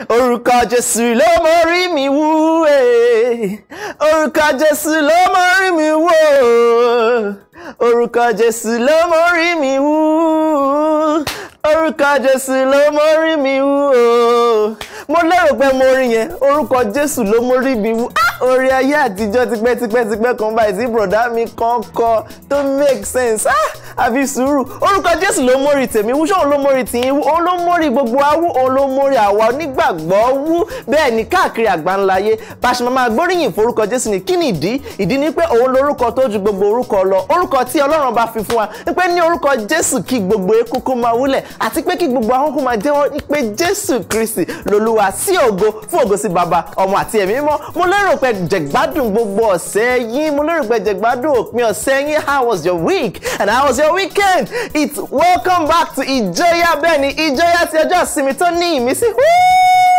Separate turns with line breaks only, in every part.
Eh. Oh. orúkọ jésù ló mọ orí mi wú orúkọ jésù ló mọ orí mi wú orúkọ oh. jésù ló mọ orí mi wú orúkọ jésù ló mọ orí mi wú mo lérò pé mo rí yẹn orúkọ jésù ló mú rí mi ah! orí ayé àtijọ́ tipẹ́tipẹ́tipẹ́ kan báyìí tí bùrọ̀dá mi kan kọ tó make sense ah! àfi sùúrù orúkọ jésù ló mórí tèmi wú ṣóun ló mórí tìyín wú òun ló mórí gbogbo awú òun ló mórí àwa onígbàgbọ́ wú bẹ́ẹ̀ ni káàkiri àgbáńláyé báṣe máa gbóríyìn forúkọ jésù ni kí ni ìdí ìdí ni pé òun lorúkọ tó ju gbogbo orúkọ lọ orúkọ tí ọlọ́run bá fi fún wa ni pé ní orúkọ jésù kí gbogbo ekúkú máa wúlẹ̀ àti pé kí gbogbo ahọ́nkú máa jẹ́wọ́ ni pé jésù kristi lolúwa wa sí ògo fún ògo sí baba ọmọ àti ẹ̀mí mímọ́ mo lérò pé jẹ̀gbádùn gbogbo ọ̀sẹ̀ yín mo lérò pé jẹ̀gbádùn òpin ọ̀sẹ̀ yín how was your week and how was your weekend it's welcome back to ìjọyà bẹ́ẹ̀ ni ìjọyà ti ọjọ́ ìsinmi tó ní ìmísí woo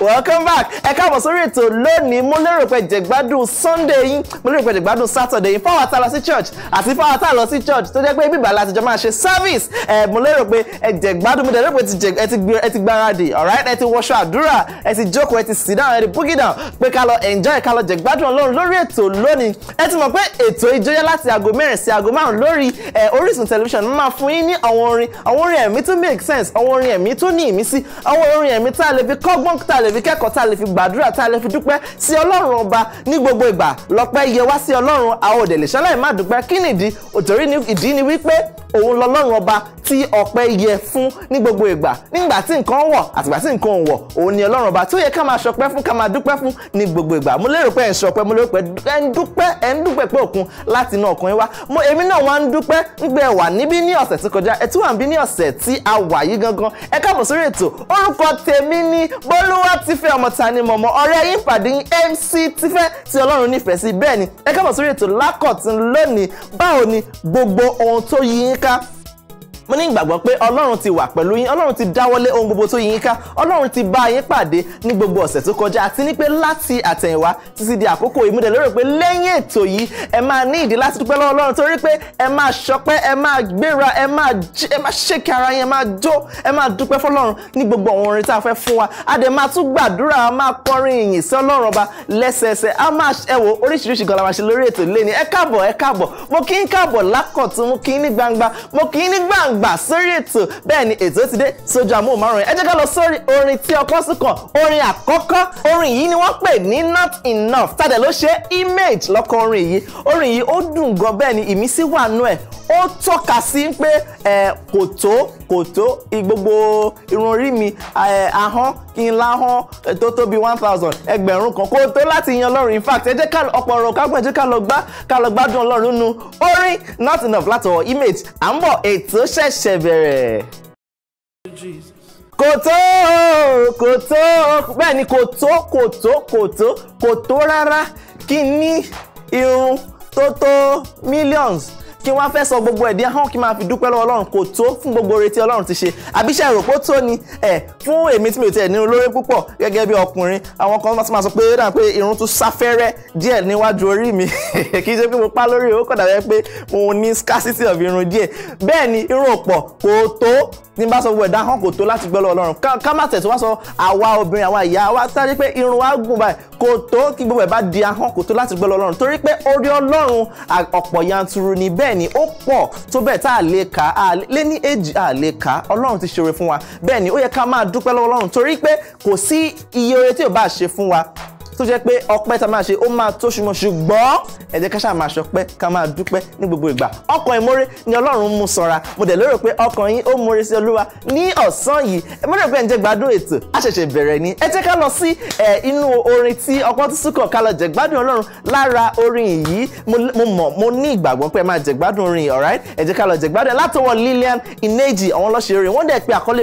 welcome back ẹ káàbọ̀ sórí ètò lónìí mo lérò pé jẹ̀gbádùn sunday yín mo lérò pé jẹ̀gbádùn saturday yín fáwọn àtàlọ sí church àti fáwọn àtàlọ sí church tó jẹ́ pé bíbà láti jọ máa ṣe service ẹ mo lérò pé ẹ jẹ̀gbádùn mo dẹ̀ lérò pé ẹ ti gbáradì alright ẹ ti wọṣọ àdúrà ẹ ti jókòó ẹ ti sit down ẹ ti boogie down pé ká lọ enjoy ká lọ jẹ̀gbádùn ọlọ́run lórí ètò lónìí ẹ ti mọ̀ pé ètò ìjọyẹ láti aago mẹ́rin sí aago márùn lórí Orísun tẹlifíṣàn máa fún yín ní àwọn orin àwọn orin ẹ̀mí tó make sense àwọn orin ẹ̀mí tó ní ìmísí àwọn orin ẹ̀mí tá a lè fi kọ́gbọ́n tá tá a lè fi kẹ́kọ̀ọ́ tá a lè fi gbàdúrà tá lè fi dúpẹ́ sí ọlọ́run ọba ní gbogbo ìgbà lọ́pẹ́ yẹ wá sí ọlọ́run àwọn òdè lè ṣaláì má dúpẹ́ kí nìdí òtòrí ìdí ni wípé òun lọlọ́run ọba tí ọpẹ́ yẹ fún ní gbogbo ìgbà nígbà tí nǹkan wọ̀ àtìgbà tí nǹkan wọ̀ òun ni ọlọ́run ọba tí ó yẹ ká máa ṣọpẹ́ fún ká máa dúpẹ́ fún ní gbogbo ìgbà mo lérò pé ẹ̀ ń ṣọpẹ́ mo lérò pé ẹ̀ ń dúpẹ́ ẹ̀ ń dúpẹ́ pé òkun láti inú ọkàn wá mo èmi náà wá ń dúpẹ́ ń gbé wà níbí ní ọ̀sẹ̀ tí kọjá ẹ̀ tún wà níbí ní ọ̀sẹ̀ tí a wà yìí gangan ẹ káàbọ̀ sórí ètò orúkọ tèmi ni bólú wá Tífẹ́ ọmọ Tani mọ̀mọ́ ọ̀rẹ́ yín pàdé yín MC Tífẹ́ tí Ọlọ́run nífẹ̀ẹ́ sí bẹ́ẹ̀ ni ẹ káàbọ̀ sórí ètò lákọ̀tún lónìí báwo ni gbogbo ohun tó yí ká mo ní ìgbàgbọ́ pé ọlọ́run ti wà pẹ̀lú yín ọlọ́run ti dáwọ́lé ohun gbogbo tó yín ká ọlọ́run ti bá yín pàdé ní gbogbo ọ̀sẹ̀ tó kọjá àti ní pé láti àtẹ̀yìnwá títí di àkókò yìí mo dẹ̀ lérò pé lẹ́yìn ètò yìí ẹ máa ní ìdí láti dúpẹ́ lọ́wọ́ ọlọ́run torí pé ẹ máa ṣọpẹ́ ẹ máa gbéra ẹ máa ẹ máa ṣèkì ara yín ẹ máa jó ẹ máa dúpẹ́ fọlọ́run ní gbogbo àwọn orin tá a fẹ́ fún wa a gbà sórí ètò bẹ́ẹ̀ ni ètò ti dé sójú amóhùnmáwòrán ẹ jẹ́ ká lọ sórí orin tí ọpọ́n sùn kàn orin àkọ́kọ́ orin yìí ni wọ́n pè ní not enough tàdé ló ṣe image lọ́kọ orin yìí orin yìí ó dùn gan bẹ́ẹ̀ ni ìmísí wà nú ẹ̀ ó tọ́ka sí pé kò tó kò tó gbogbo irun orí mi ahọ́n kí n láhọ́n tó tó one thousand ẹgbẹ̀rún kan kó tó láti yan Ọlọ́run in fact ẹ jẹ́ ká ọ̀pọ̀ ọ̀rọ̀ kápẹ́ jẹ́ ká lọ gbádùn Ọlọ́run nínú orin not enough látọwọ́ image à ń bọ̀ ètò ṣẹ́ ṣẹ̀ṣẹ̀ bẹ̀rẹ̀. kò tó kò tó bẹ́ẹ̀ ni kò tó kò tó kò tó kò tó rárá kí ní irun tó tó millions kí wọ́n fẹ́ sọ gbogbo ẹ̀dín ahọ́n kí máa fi dúpẹ́ lọ́wọ́ ọlọ́run kò tó fún gbogbo oore tí ọlọ́run ti ṣe àbíṣẹ́ ìròpó tó ni ẹ̀ fún èmi tí mi ò tiẹ̀ nínú lórí púpọ̀ gẹ́gẹ́ bí ọkùnrin àwọn kan máa sọ pé ó dà pé irun tún sáfẹ́rẹ́ díẹ̀ níwájú orí mi kì í ṣe pé mo pa lórí ó kọ̀dà bẹ́ẹ̀ pé mo ní scarcity of irun díẹ̀ bẹ́ẹ̀ ni irun òpọ̀ kò tó ní bá sọ gbogbo ẹ̀dá hàn kò tó láti gbọ́ lọ́wọ́ ọlọ́run ká má tẹ̀sí wá sọ àwa obìnrin àwa ìyá wa sáré pé irun wa gùn báyìí kò tó kí gbogbo ẹ̀ bá di ahọ́n kò tó láti gbọ́ lọ́wọ́ ọlọ́run torí pé orí ọlọ́run ọ̀pọ̀ yanturu ni bẹ́ẹ̀ bẹ́ẹ̀ ni ó pọ̀ tó bẹ́ẹ̀ tá a lè kà á lé ní èjì a lè kà á ọlọ́run ti ṣeré fún wa bẹ́ẹ̀ ni ó yẹ ká máa dúpẹ́ lọ́wọ́ ọlọ́run torí pé kò sí iye oore tí ò bá ṣe fún wa tó jẹ́ pé ọpẹ́ tá a máa ṣe ó máa tó ṣùgbọ́n ṣùgbọ́n ẹ jẹ́ ká ṣáà máa ṣọpẹ́ ká máa dúpẹ́ ní gbogbo ìgbà ọkàn ìmoore ni ọlọ́run mú sanra mo dẹ̀ lérò pé ọkàn yín ó moore sí olúwa ní ọ̀sán yìí ẹ mọ̀rọ̀ pé ẹ̀ ń jẹ́ gbádùn ètò a ṣẹ̀ṣẹ̀ bẹ̀rẹ̀ ni ẹ jẹ́ ká lọ sí inú orin tí ọpọ́n tún súnkàn ká lọ jẹ gbádùn ọlọ́run lára orin yìí mo mọ̀ mo ní ìgbàgbọ́ pé ẹ máa jẹ alright ẹ jẹ́ ká lọ Lilian Ineji àwọn ọlọ́ṣẹ́ orin wọ́n dẹ̀ pe àkọlé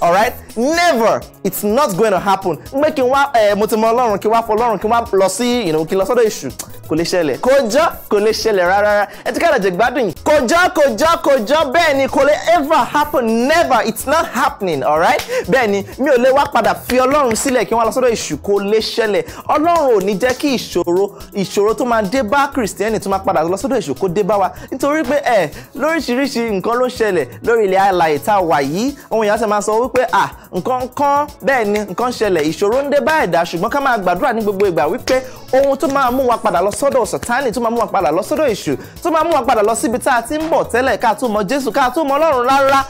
alright never it's not going to happen n pé kí n wá mo ti mọ ọlọ́run kí n wá fọ ọlọ́run kí n wá lọ sí kí n lọ sọ́dọ̀ èṣù kò lè lè ṣẹlẹ̀ kọjọ́ kò lè ṣẹlẹ̀ rárá ẹ ti káàdà jẹ gbádùn yìí. kọjọ́ kọjọ́ kọjọ́ bẹ́ẹ̀ ni kò lè ever happen never it's not happening alright bẹ́ẹ̀ ni mi ò lè wá padà fi ọlọ́run sílẹ̀ kí wọ́n lọ sọ́dọ̀ èṣù kò lè ṣẹlẹ̀ ọlọ́run ò ní jẹ́ kí ìṣòro ìṣòro tó máa dé bá kìrìsìtẹ́nì tó máa padà lọ sọ́dọ̀ èṣù kó dé bá wa nítorí pé ẹ lóríṣiríṣi nǹkan ló ṣẹlẹ̀ lórí ilẹ̀ alàyè tá a wà yìí ohun èèyàn sì máa sọ wípé à nǹkan kan bẹ́ẹ̀ ni nǹkan ṣẹlẹ̀ ìṣòro ń dé bá ẹ̀dá ṣùgbọ́n ká máa gbàdúrà ní gbogbo ìgbà wípé ohun tó máa mú wa padà lọ sọ́dọ̀ sọ̀tánì tó máa mú wa padà lọ sọ́dọ̀ èṣù tó máa mú wa padà lọ síbi tá a ti ń bọ̀ tẹ́lẹ̀ ká tó mọ Jésù ká tó mọ Ọlọ́run rárá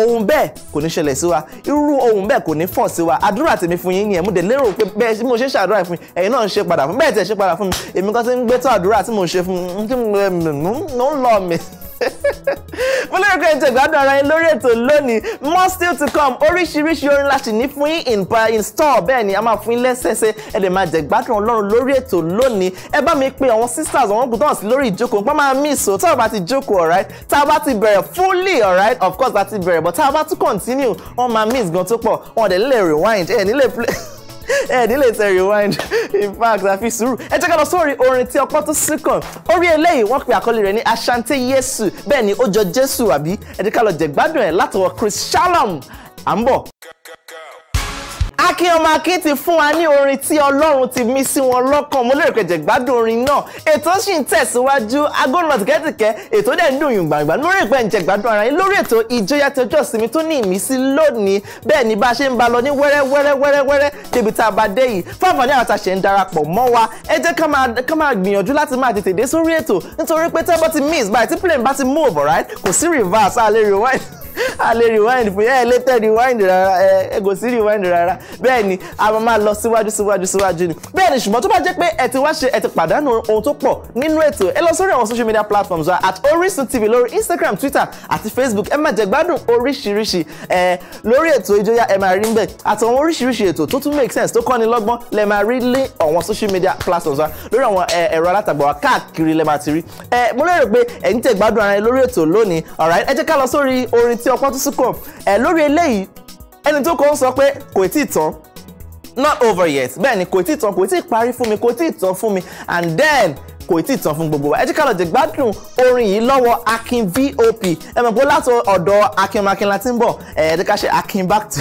ohun bẹ́ẹ̀ kò ní ṣẹlẹ̀ sí wa irú ohun bẹ́ẹ̀ kò ní fọ̀ sí wa àdúrà tèmi fún yín yẹn mo dẹ̀ lérò pé bẹ́ẹ̀ mo ṣe ṣàdúrà fún yín ẹ̀yin náà ń ṣe padà fún bẹ́ẹ̀ tẹ̀ ṣe padà fún mi èmi kan ti ń gbé tó àdúrà tí mo ṣe fún un ń lọ mi mo lérò pé ẹjẹ ìgbádùn ara yín lórí ètò lónìí more still to come oríṣiríṣi orin láti ní fún yín in per in store bẹ́ẹ̀ ni a máa fún yín lẹ́sẹ̀ẹsẹ̀ ẹ lè máa jẹ ọlọ́run lórí ètò lónìí ẹ bá mi pe àwọn sisters àwọn gùdọ́n sí lórí ìjókòó nípa máa mí ìṣó tá a bá ti jókòó alright tá a bá ti bẹ̀rẹ̀ fully alright of course láti bẹ̀rẹ̀ but tá a bá tún continue wọ́n máa miss gan tó pọ̀ wọ́n dẹ̀ nílẹ̀ rewind ẹ̀ nílẹ̀ play. ẹ̀ẹ́dín lè tẹ rewind in fact àfi sùúrù ẹ jẹ́ ká lọ sórí orin tí ọpọ́n tó sí kàn orí eléyìí wọ́n pe àkọlé rẹ̀ ní asante yesu bẹ́ẹ̀ ni ó jọ jésù àbí ẹ jẹ́ ká lọ jẹ̀gbádùn ẹ̀ látọwọ́ Chris Shalom à ń bọ̀ akíyanmọ akín ti fún wa ní orin tí ọlọ́run ti mí sí wọn lọ́kàn mo lérò kẹjẹ gbádùn orin náà ètò sì ń tẹ̀síwájú agolo tìkẹ́tìkẹ́ ètò dẹ̀ ń dùn yùn gbàngbà lórí ìpẹ́ ǹjẹ́ gbádùn ara yín lórí ètò ìjóyà tí ọjọ́ ìsinmi tó ní ìmísí lónìí bẹ́ẹ̀ ni bá a ṣe ń ba lọ ní wẹ́rẹ́ wẹ́rẹ́ wẹ́rẹ́ wẹ́rẹ́ débi tá a bá dé yìí fáfàní àwọn àtàṣe ń darapọ̀ mọ́ wa ẹ jẹ́ ká máa gbìyànjú láti plane bá move alright kò reverse àlè rewind a lè rewind fún yẹn later rewind rárá ẹ kò sí rewind rárá bẹ́ẹ̀ ni a máa máa lọ síwájú síwájú síwájú ni bẹ́ẹ̀ ni ṣùgbọ́n tó bá jẹ́ pé ẹ ti wá ṣe ẹ ti pàdánù ohun tó pọ̀ nínú ètò ẹ lọ sórí àwọn social media platforms wa at Orisun TV lórí Instagram Twitter àti Facebook ẹ máa jẹ gbádùn oríṣiríṣi ẹ lórí ètò ìjọyà ẹ máa rí ń bẹ̀ àtàwọn oríṣiríṣi ètò tó tún make sense tó kọ́ni lọ́gbọ́n lẹ máa rí lé àwọn social media platforms wa lórí àwọn ẹ̀rọ alátagbà wa káàkiri lẹ máa ti rí ẹ mo lérò pé ẹ ń tẹ gbádùn ara ẹ lórí ètò lónìí alright tí ọpọ́n tún sùkọ̀ ẹ̀ lórí eléyìí ẹni tó kọ́ sọ pé kò tí ì tán not over yet bẹ́ẹ̀ ni kò tí ì tán kò tí ì parí fún mi kò tí ì tán fún mi and then kò tí ì tán fún gbogbo wa ẹ jẹ́ ká lọ jẹ gbádùn orin yìí lọ́wọ́ Akin VOP ẹ mọ̀ pé látọ̀ ọ̀dọ̀ Akin ọmọ Akinla ń bọ̀ ẹ jẹ́ ká ṣe Akin back to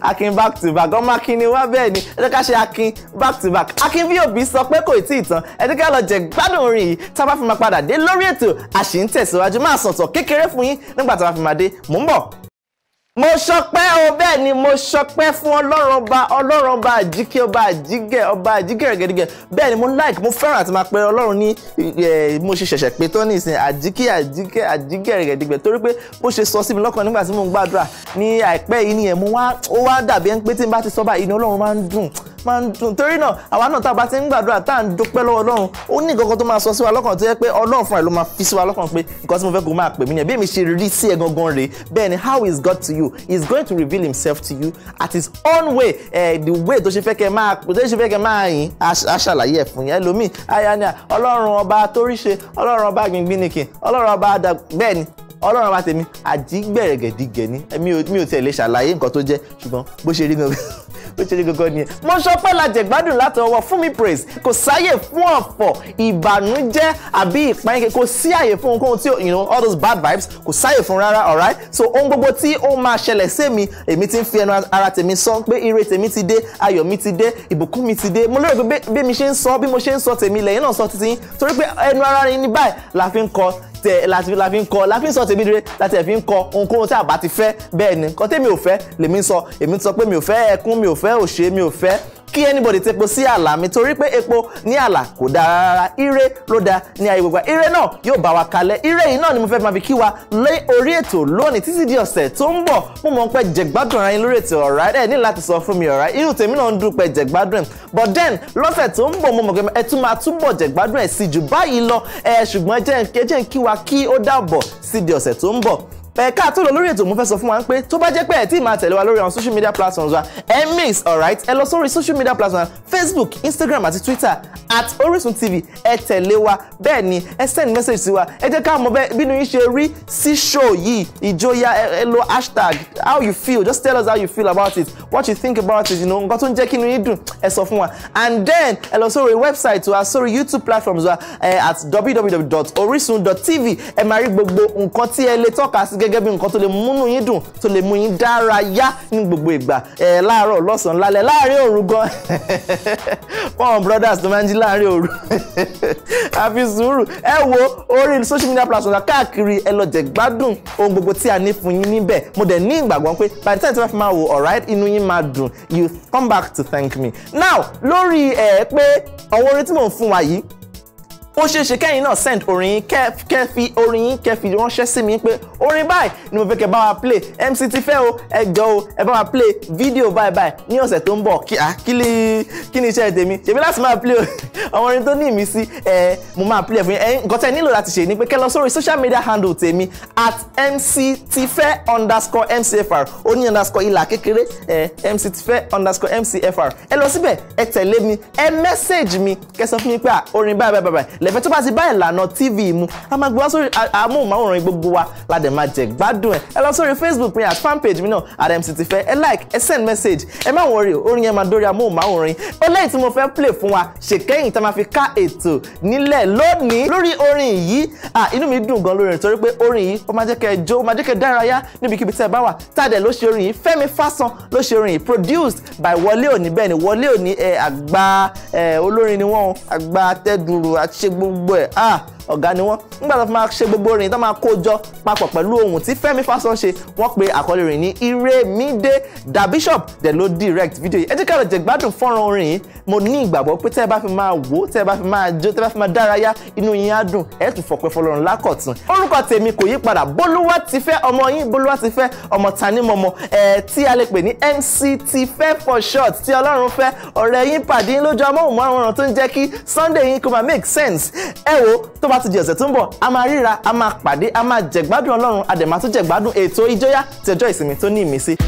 akin back to back ọmọ akin ni wá bẹ́ẹ̀ ni ẹ jẹ́ ká ṣe akin back to back akin bí òbí sọ pé kò tí ì tán ẹ jẹ́ ká lọ jẹ gbádùn orin yìí tá a bá fi máa padà dé lórí ètò àṣì ń tẹ̀síwájú máa sọ̀tọ̀ kékeré fún yín nígbà tá a bá fi máa dé mò ń bọ̀ mo ṣọpẹ́ o bẹ́ẹ̀ ni mo ṣọpẹ́ fún ọlọ́run ọba ọlọ́run ọba àjíkẹ́ ọba àjígẹ̀ ọba àjígẹ̀ rẹ̀gẹ̀dẹ̀gẹ̀ bẹ́ẹ̀ ni mo like mo fẹ́ràn àti máa pẹ́ ọlọ́run ní mo ṣe ṣẹ̀ṣẹ̀ pé tọ́ni ìsìn àjíkẹ́ àjíkẹ́ àjígẹ̀ rẹ̀gẹ̀dẹ̀gẹ̀ torí pé bó ṣe sọ sí mi lọ́kàn nígbà tí mo ń gbàdúrà ní àìpẹ́ yìí nìyẹn mo wá ó wá dàbí ẹni pé tí n bá ti sọ báyìí inú ọlọ́run máa ń dùn máa ń dùn torí náà àwa náà tá a bá ti ń gbàdúrà tá à ń dúpẹ́ lọ́wọ́ ọlọ́run ó ní nǹkan kan tó máa sọ sí wa lọ́kàn tó yẹ pé ọlọ́run fúnra ló máa fi sí wa lọ́kàn pé nǹkan tí mo fẹ́ kó máa pè mí nìyẹn bí èmi ṣe rí sí ẹ gangan rèé bẹ́ẹ̀ ni how is God to you he is going to reveal himself to you at his own way uh, the way tó ṣe fẹ́ kẹ́ máa tó ṣe fẹ́ kẹ́ máa yìn á ṣàlàyé ẹ̀ fún yẹn ẹlòmíì ayáni ọlọ́run ọba toríṣe ọlọ́run ọba gbìngbìnìkì ọlọ́run ọba àdà bẹ́ẹ̀ ni ọlọ́run ọba tèmi àjígbẹ̀rẹ̀gẹ̀dìgẹ̀ ni mi ò tiẹ̀ lè ṣàlàyé nǹkan tó jẹ́ ṣùgbọ́n bó ṣe rí gan-an ó ṣe ní gọ́gọ́ nìyẹn mo ṣọpẹ́ la jẹ̀gbádùn láti ọwọ́ mi Praise kò sáyè fún ọ̀fọ̀ ìbànújẹ́ àbí ìpáyínkẹ́ kò sí àyè fún ohunkóhun tí you know all those bad vibes kò sáyè fún rárá alright so ohun gbogbo tí ó máa ṣẹlẹ̀ sí èmi èmi ti ń fi ẹnu ara tèmi sọ pé ire tèmi ti dé ayọ̀ mi ti dé ìbùkún mi ti dé mo lérò pé bí mi ṣe ń sọ bí mo ṣe ń sọ tèmi lẹ́yìn náà sọ títí torí pé ẹnu ara ni báyìí la fi ń kọ tẹ láti la fi ń kọ la fi ń sọ tèmi dire láti ẹ̀ fi ń kọ ohunkóhun tí àbá ti fẹ́ bẹ́ẹ̀ ni nǹkan tèmi ò fẹ́ lèmi ń sọ èmi ń sọ pé mi ò fẹ́ ẹkún mi ò fẹ́ òṣè mi ò fẹ́ kí anybody tepo sí àlà mi torí pé epo ní àlà kò dáa rárá ire ló da ní ayé gbogbo ire náà yóò bá wa kalẹ̀ ire yìí náà ni mo fẹ́ máa fi kí wa lé orí ètò lónìí títí di ọ̀sẹ̀ tó ń bọ̀ mo mọ̀ pé jẹ̀gbádùn ara yín lórí ètò ọ̀rá ẹ̀ ní láti sọ fún mi ọ̀rá irú tèmi náà ń dúpẹ́ jẹ̀gbádùn but then lọ́sẹ̀ tó ń bọ̀ mo mọ̀ pé ẹ tún máa túbọ̀ jẹ̀gbádùn ẹ̀ sí jù báyìí lọ ẹ ṣùgbọ́n jẹ́ ẹ káàtó lọ lórí ètò mo fẹ́ sọ fún wa pé tó bá jẹ́ pé ẹ tí máa tẹ̀lé wa lórí àwọn social media platforms wa ẹ Miss, alright ẹ lọ sórí social media platforms facebook instagram àti twitter at orisun tv ẹ tẹ̀lé wa bẹ́ẹ̀ ni ẹ send message sí wa ẹ jẹ́ ká mọ̀ bẹ́ẹ̀ bínú yín ṣe rí sí show yìí ìjọya ẹ lò hashtag how you feel just tell us how you feel about it what you think about it you know nǹkan tó ń jẹ́ kí inú yín dùn ẹ sọ fún wa and then ẹ lọ sórí website wa sórí youtube platforms wa at www.orisun.tv ẹ máa rí gbogbo nǹkan tí ẹ lè tọ́ka sí gẹ́gẹ́ bí nǹkan tó lè múnú yín dùn tó lè mú yín dára yá ní gbogbo ìgbà ẹ̀ láàárọ̀ lọ́sàn-án lálẹ́ láàárín òru gan wọn brothers tó máa ń jí láàárín òru àfi sùúrù ẹ wo orí social media platform káàkiri ẹ lọ jẹ gbádùn ohun gbogbo tí a ní fún yín níbẹ̀ mo dẹ̀ ní ìgbàgbọ́ pé by the time tí wọ́n fi máa wò alright inú yín máa dùn you come back to thank me now lórí ẹ̀ pé ọ̀wọ́n orí tí mò ń fún wa yìí ó ṣeé ṣe kẹ́yìn náà send orin yín kẹ́ fi orin yín kẹ́ fi ránṣẹ́ sí mi pé orin báyìí ni mo fẹ́ kẹ́ bá wa play MC Tifẹ́ o ẹ jọ o ẹ bá wa play fídíò báyìí báyìí ní ọ̀sẹ̀ tó ń bọ̀ kí ni kí ni iṣẹ́ tèmi ṣèbí láti máa play àwọn orin tó ní ìmísí ẹ mo máa play fún yín ẹ̀yin nǹkan tẹ́ nílò láti ṣe ni pé kẹ́ lọ sórí social media handle tèmi at MC Tifẹ́ underscore MCFR ó ní underscore ìlà kékeré ẹ MC Tifẹ́ underscore MCFR ẹ lọ síbẹ̀ ẹ tẹ̀lé mi ẹ message mi kẹ́ sọ fún mi pé orin báyìí báyìí báyìí lẹ́fẹ̀ẹ́ tó bá ti bá ìlànà TV mu a máa gbé wá sórí amóhùnmáwòrán gbogbo wa la dẹ̀ máa jẹ̀ gbádùn ẹ̀ ẹ lọ sórí Facebook mi at fanpage mi náà at MC Tife ẹ like ẹ send message ẹ má wọrí orin yẹn máa dórí amóhùnmáwòrán yín ó tí mo fẹ́ play fún wa ṣèkẹ́yìn tá máa fi ká ètò nílẹ̀ lónìí lórí orin yìí ah inú mi dùn gan lórí rẹ̀ torí pé orin yìí ó máa jẹ́ kẹ́ ẹ jó ó máa jẹ́ kẹ́ ẹ dárayá níbikíbi tẹ́ ẹ bá wà tádẹ̀ ló ṣe orin yìí Fẹ́mi Fásán ló ṣe orin yìí produced by Wọlé Òní bẹ́ẹ̀ ni Wọlé Òní ẹ àgbà ẹ olórin ni wọ́n àgbà tẹ́dùrù àṣẹ gbogbo ẹ̀ ah, ọ̀gá ni wọ́n nígbà tó fi máa ṣe gbogbo orin tó máa kó jọ papọ̀ pẹ̀lú ohun tí Fẹ́mi Fásán ṣe wọ́n pe àkọlé rìn ní Ìrèmídé Da Bishop dẹ̀ ló direct video yìí ẹ jẹ́ ká lọ jẹ gbádùn fọ́nrán orin yìí mo ní ìgbàgbọ́ pé tẹ́ ẹ bá fi máa wò tẹ́ ẹ bá fi máa jó tẹ́ ẹ bá fi máa dárayá inú yín á dùn ẹ tún fọpẹ́ fọlọ́run lákọ̀tún orúkọ tèmi kò yí padà Bólúwatifẹ́ ọmọ yín Bólúwatifẹ́ ọmọ tanímọ̀mọ́ ẹ̀ tí a lè pè ní MCTfẹ́ for short tí ọlọ́run fẹ́ ọ̀rẹ́ yín pàdé lójú amóhùnmáwòrán tó ń jẹ́ kí Sunday yín kó máa make sense ẹ wo tó bá ti di ọ̀sẹ̀ tó ń bọ̀ a máa ríra a máa pàdé a máa jẹ̀gbádùn ọlọ́run a dẹ̀ máa tún jẹ̀gbádùn ètò ìjọyà tẹjọ́ ìsinmi tó ní ìmísí